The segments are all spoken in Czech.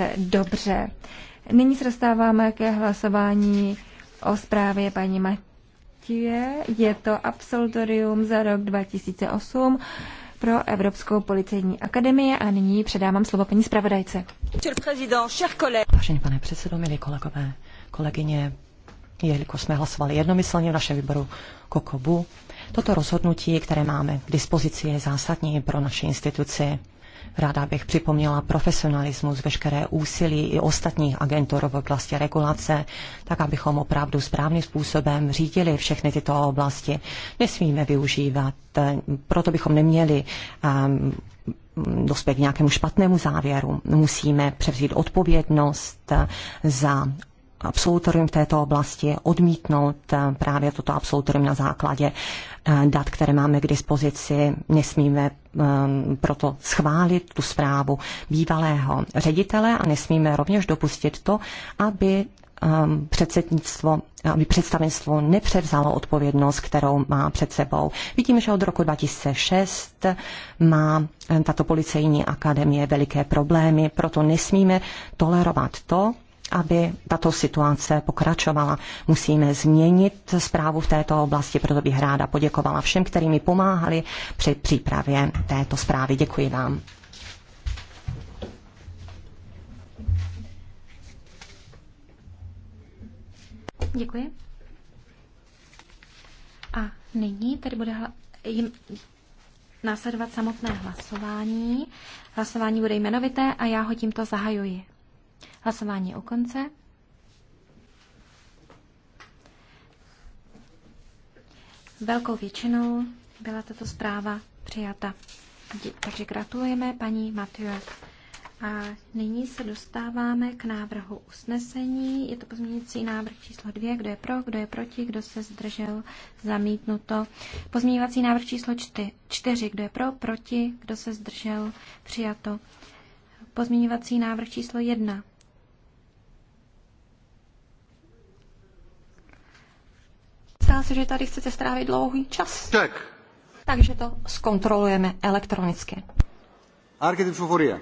velice dobře. Nyní se dostáváme ke hlasování o zprávě paní Matěje. Je to absolutorium za rok 2008 pro Evropskou policejní akademii a nyní předávám slovo paní zpravodajce. Vážený pane předsedo, milí kolegové, kolegyně, jelikož jsme hlasovali jednomyslně v našem výboru Kokobu, toto rozhodnutí, které máme k dispozici, je zásadní pro naši instituci. Ráda bych připomněla profesionalismus, veškeré úsilí i ostatních agentur v oblasti regulace, tak abychom opravdu správným způsobem řídili všechny tyto oblasti. Nesmíme využívat, proto bychom neměli um, dospět k nějakému špatnému závěru. Musíme převzít odpovědnost za absolutorium v této oblasti, odmítnout eh, právě toto absolutorium na základě eh, dat, které máme k dispozici. Nesmíme ehm, proto schválit tu zprávu bývalého ředitele a nesmíme rovněž dopustit to, aby ehm, předsednictvo, aby představenstvo nepřevzalo odpovědnost, kterou má před sebou. Vidíme, že od roku 2006 má eh, tato policejní akademie veliké problémy, proto nesmíme tolerovat to, aby tato situace pokračovala. Musíme změnit zprávu v této oblasti, proto bych ráda poděkovala všem, kteří mi pomáhali při přípravě této zprávy. Děkuji vám. Děkuji. A nyní tady bude hla... jim následovat samotné hlasování. Hlasování bude jmenovité a já ho tímto zahajuji. Hlasování u konce. Velkou většinou byla tato zpráva přijata. Takže gratulujeme paní Mathieu. A nyní se dostáváme k návrhu usnesení. Je to pozměňující návrh číslo 2. Kdo je pro, kdo je proti, kdo se zdržel, zamítnuto. Pozměňovací návrh číslo 4. Kdo je pro, proti, kdo se zdržel, přijato. Pozměňovací návrh číslo 1. zdá se, že tady chcete strávit dlouhý čas. Tak. Takže to zkontrolujeme elektronicky. Άρχεται ψηφοφορία.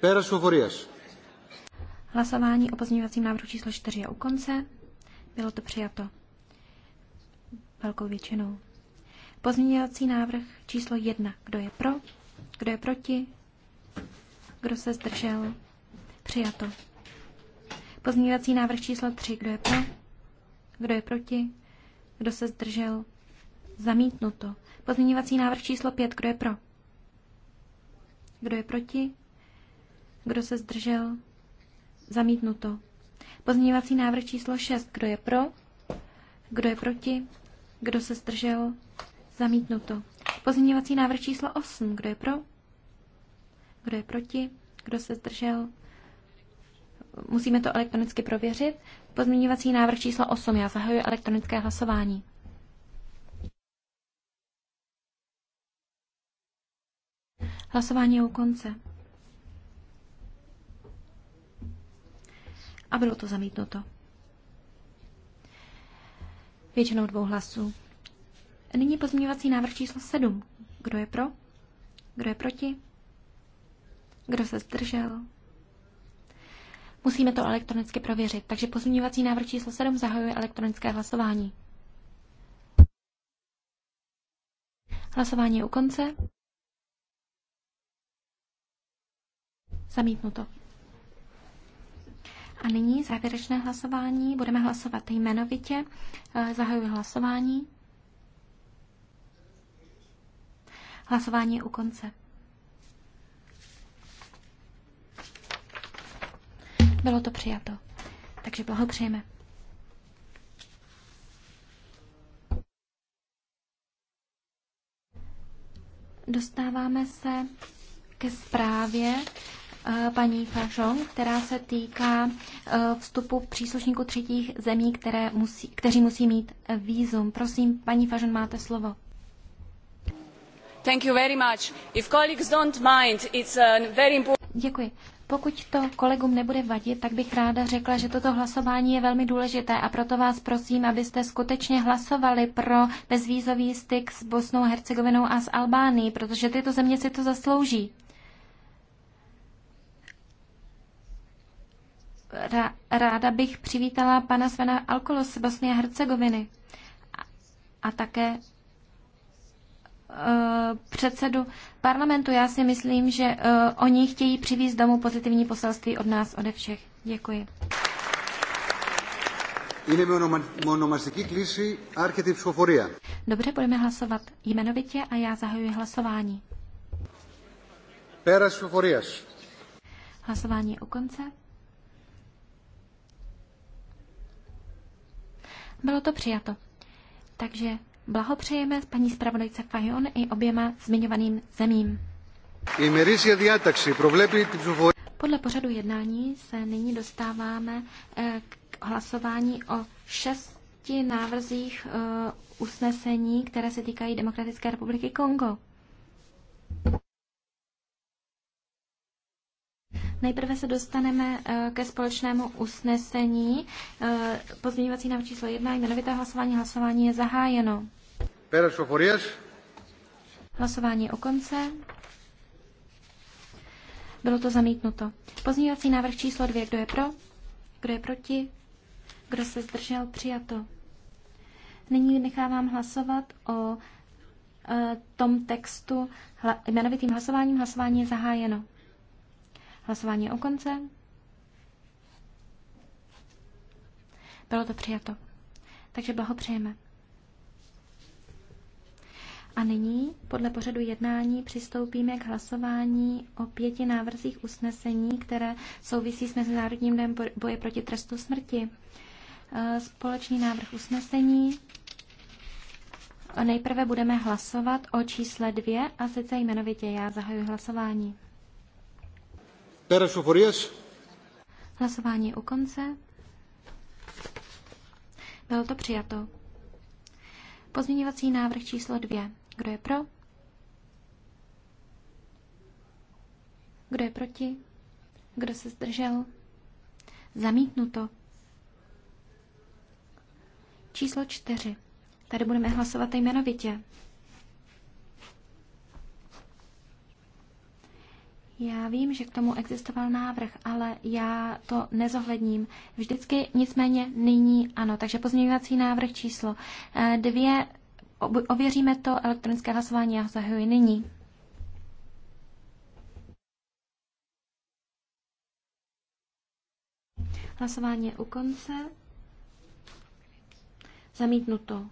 Πέρας ψηφοφορίας. Hlasování o pozměňovacím návrhu číslo 4 je u konce. Bylo to přijato velkou většinou. Pozměňovací návrh číslo 1. Kdo je pro? Kdo je proti? Kdo se zdržel? Přijato. Pozměňovací návrh číslo 3. Kdo je pro? Kdo je proti? Kdo se zdržel? Zamítnuto. Pozměňovací návrh číslo 5. Kdo je pro? Kdo je proti? Kdo se zdržel? Zamítnuto. Pozměňovací návrh číslo 6. Kdo je pro? Kdo je proti? Kdo se zdržel? Zamítnuto. Pozměňovací návrh číslo 8. Kdo je pro? Kdo je proti? Kdo se zdržel? musíme to elektronicky prověřit. Pozměňovací návrh číslo 8. Já zahajuji elektronické hlasování. Hlasování je u konce. A bylo to zamítnuto. Většinou dvou hlasů. Nyní pozměňovací návrh číslo 7. Kdo je pro? Kdo je proti? Kdo se zdržel? Musíme to elektronicky prověřit, takže pozměňovací návrh číslo 7 zahajuje elektronické hlasování. Hlasování je u konce. Zamítnuto. A nyní závěrečné hlasování. Budeme hlasovat jmenovitě. Eh, Zahajuji hlasování. Hlasování je u konce. Bylo to přijato. Takže blahopřejeme. Dostáváme se ke zprávě eh, paní Fažon, která se týká eh, vstupu příslušníků třetích zemí, které musí, kteří musí mít eh, výzum. Prosím, paní Fažon, máte slovo. Thank you very much. If colleagues don't mind, it's a very important... Děkuji. Pokud to kolegům nebude vadit, tak bych ráda řekla, že toto hlasování je velmi důležité a proto vás prosím, abyste skutečně hlasovali pro bezvízový styk s Bosnou, Hercegovinou a s Albánií, protože tyto země si to zaslouží. Ráda bych přivítala pana Svena Alkolos z Bosny a Hercegoviny a také Eh, předsedu parlamentu. Já si myslím, že eh, oni chtějí přivízt domů pozitivní poselství od nás, ode všech. Děkuji. Dobře, budeme hlasovat jmenovitě a já zahajuji hlasování. Πέρας ψηφοφορίας. Hlasování u konce. Bylo to přijato. Takže Blahopřejeme paní zpravodajce Fajon i oběma zmiňovaným zemím. Podle pořadu jednání se nyní dostáváme eh, k hlasování o šesti návrzích eh, usnesení, které se týkají Demokratické republiky Kongo. Nejprve se dostaneme eh, ke společnému usnesení. Eh, pozměňovací návrh číslo jedna. jmenovité hlasování, hlasování je zahájeno. Hlasování o konce. Bylo to zamítnuto. Pozměňovací návrh číslo dvě. kdo je pro? Kdo je proti? Kdo se zdržel? Přijato. Nyní nechávám hlasovat o eh, tom textu jmenovitým hlasováním. Hlasování je zahájeno. Hlasování je u konce. Bylo to přijato. Takže blahopřejeme. A nyní podle pořadu jednání přistoupíme k hlasování o pěti návrzích usnesení, které souvisí s Mezinárodním dnem boje proti trestu smrti. E, společný návrh usnesení. Nejprve budeme hlasovat o čísle dvě a sice jmenovitě já zahajuji hlasování. Hlasování je u konce. Bylo to přijato. Pozměňovací návrh číslo dvě. Kdo je pro? Kdo je proti? Kdo se zdržel? Zamítnuto. Číslo čtyři. Tady budeme hlasovat jmenovitě. Já vím, že k tomu existoval návrh, ale já to nezohledním. Vždycky nicméně nyní ano. Takže pozměňovací návrh číslo eh, dvě. Ověříme to elektronické hlasování. a zahajuji nyní. Hlasování je u konce. Zamítnuto.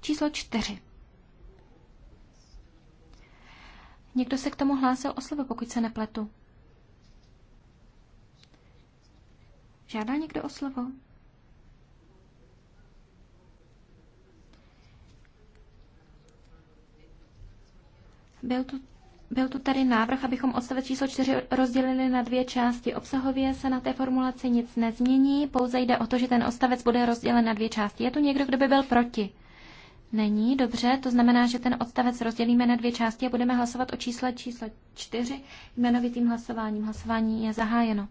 Číslo čtyři. Někdo se k tomu hlásil o slovo, pokud se nepletu. Žádá někdo o slovo? Byl tu, byl tu tady návrh, abychom odstavec číslo 4 rozdělili na dvě části. Obsahově se na té formulaci nic nezmění, pouze jde o to, že ten odstavec bude rozdělen na dvě části. Je tu někdo, kdo by byl proti? Není, dobře, to znamená, že ten odstavec rozdělíme na dvě části a budeme hlasovat o čísle číslo čtyři jmenovitým hlasováním. Hlasování je zahájeno.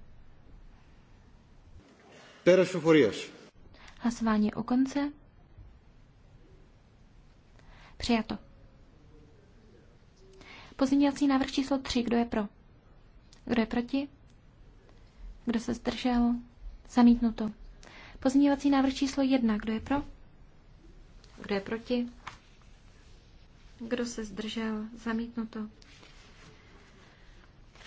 Hlasování je u konce. Přijato. Pozměňovací návrh číslo 3. Kdo je pro? Kdo je proti? Kdo se zdržel? Zamítnuto. Pozměňovací návrh číslo 1. Kdo je pro? Kdo je proti? Kdo se zdržel? Zamítnuto.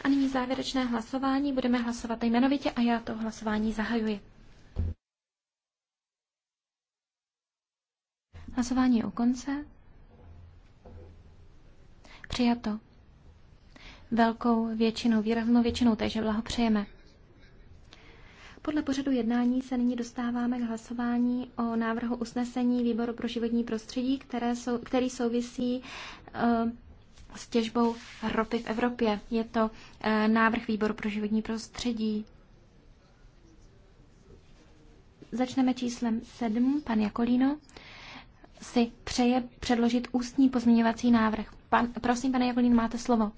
A nyní závěrečné hlasování. Budeme hlasovat jmenovitě a já to hlasování zahajuji. Hlasování je u konce. Přijato. Velkou většinou, výraznou většinou, takže blahopřejeme. Podle pořadu jednání se nyní dostáváme k hlasování o návrhu usnesení výboru pro životní prostředí, které sou, který souvisí uh, s těžbou ropy v Evropě. Je to uh, návrh výboru pro životní prostředí. Začneme číslem 7. Pan Jakolíno si přeje předložit ústní pozměňovací návrh. Pan, prosím, pane Jakolín, máte slovo.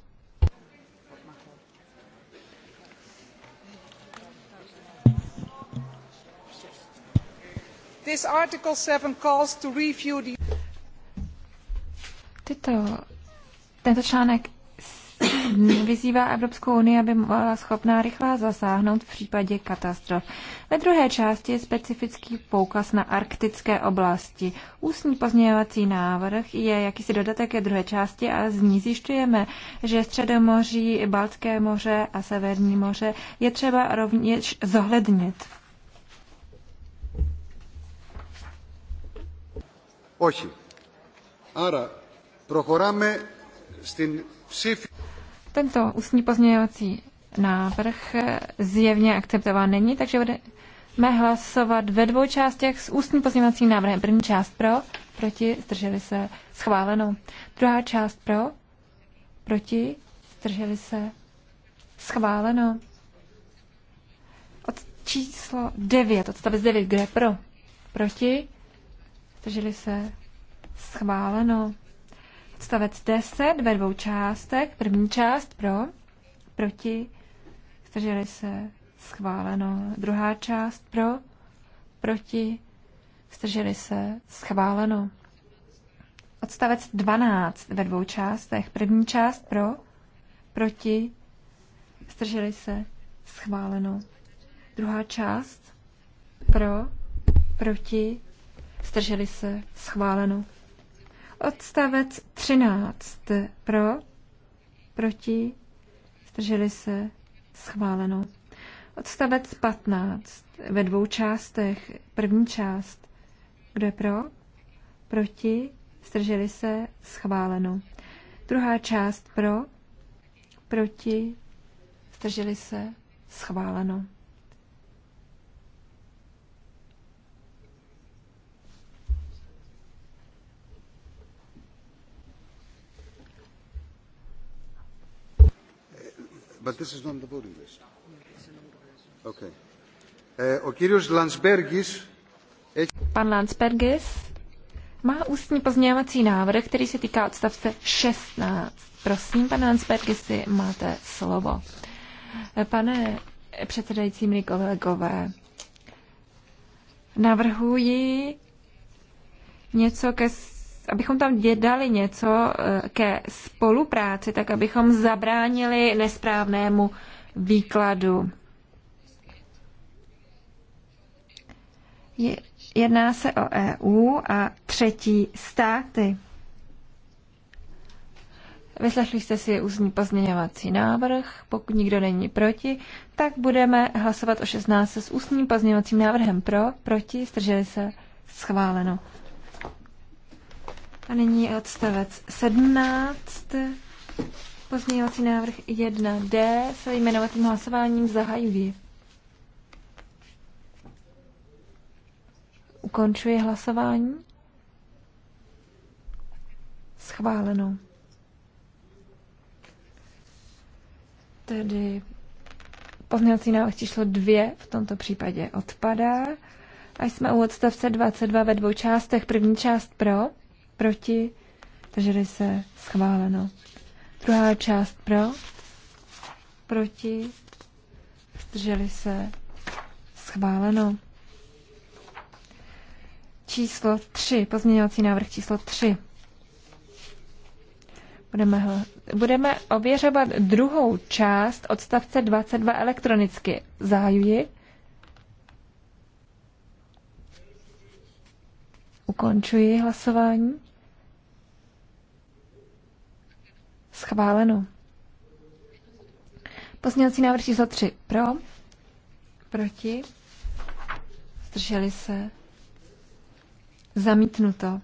This Article calls to review the... Tyto, tento článek vyzývá Evropskou unii, aby byla schopná rychle zasáhnout v případě katastrof. Ve druhé části je specifický poukaz na arktické oblasti. Ústní pozměňovací návrh je jakýsi dodatek ke druhé části a z ní zjišťujeme, že Středomoří, Baltské moře a Severní moře je třeba rovněž zohlednit. Όχι. Άρα προχωράμε στην Tento ústní pozměňovací návrh zjevně akceptován není, takže budeme hlasovat ve dvou částech s ústním pozměňovacím návrhem. První část pro, proti, zdrželi se, schváleno. Druhá část pro, proti, zdrželi se, schváleno. Od číslo 9, odstavec 9, kde pro, proti, Zdrželi se? Schváleno. Stavec 10 ve dvou částech. První část pro, proti, zdrželi se, schváleno. Druhá část pro, proti, zdrželi se, schváleno. Odstavec 12 ve dvou částech. První část pro, proti, zdrželi se, schváleno. Druhá část pro, proti, Zdrželi se? Schváleno. Odstavec 13. Pro? Proti? Zdrželi se? Schváleno. Odstavec 15. Ve dvou částech. První část. Kdo je pro? Proti? Zdrželi se? Schváleno. Druhá část pro? Proti? Zdrželi se? Schváleno. But this is not the voting list. Okay. Uh, o Landsbergis... Pan Landsbergis má ústní pozměňovací návrh, který se týká odstavce 16. Prosím, pane Landsbergisi, máte slovo. Pane předsedající, milí kolegové, navrhuji něco ke abychom tam dali něco eh, ke spolupráci, tak abychom zabránili nesprávnému výkladu. Jedná se o EU a třetí státy. Vyslechli jste si ústní pozměňovací návrh. Pokud nikdo není proti, tak budeme hlasovat o 16 s ústním pozměňovacím návrhem pro, proti, strželi se, schváleno. A nyní odstavec 17. Pozměňovací návrh 1D se jmenovatým hlasováním zahajuji. Ukončuji hlasování. Schváleno. Tedy pozměňovací návrh číslo 2 v tomto případě odpadá. A jsme u odstavce 22 ve dvou částech. První část pro, proti, drželi se, schváleno. Druhá část pro, proti, zdrželi se, schváleno. Číslo 3, pozměňovací návrh číslo 3. Budeme, budeme ověřovat druhou část odstavce 22 elektronicky. Zahajuji. Ukončuji hlasování. Schváleno. Pozměňovací návrh číslo 3. Pro. Proti. Zdrželi se. Zamítnuto.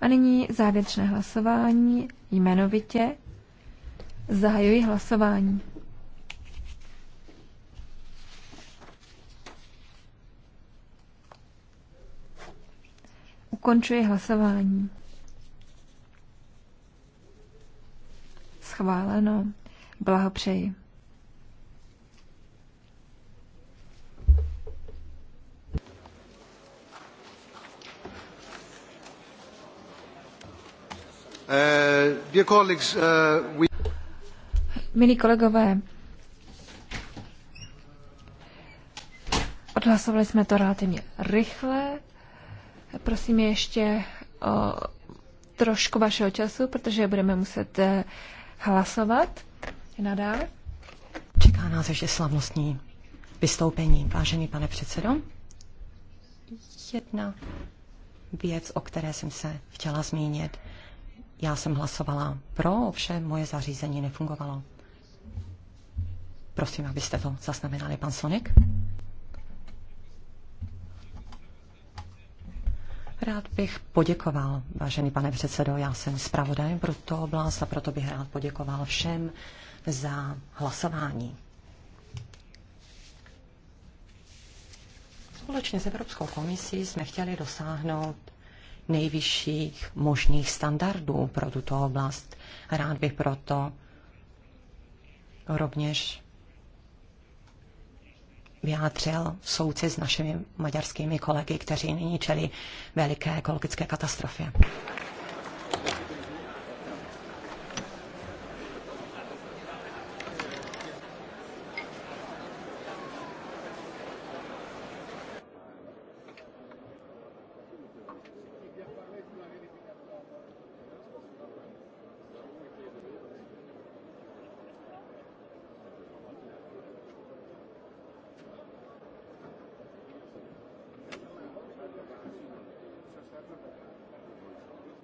A nyní závěrečné hlasování jmenovitě. Zahajuji hlasování. Ukončuji hlasování. Schváleno. Blahopřeji. Uh, uh, we... Milí kolegové, odhlasovali jsme to relativně rychle. Prosím ještě o trošku vašeho času, protože budeme muset eh, hlasovat nadále. Čeká nás ještě slavnostní vystoupení. Vážený pane předsedo, jedna věc, o které jsem se chtěla zmínit. Já jsem hlasovala pro, ovšem moje zařízení nefungovalo. Prosím, abyste to zaznamenali, pan Sonik. Rád bych poděkoval, vážený pane předsedo, já jsem zpravodaj pro tuto oblast a proto bych rád poděkoval všem za hlasování. Společně s Evropskou komisí jsme chtěli dosáhnout nejvyšších možných standardů pro tuto oblast. Rád bych proto rovněž vyjádřil souci s našimi maďarskými kolegy, kteří nyní čelí veliké ekologické katastrofě.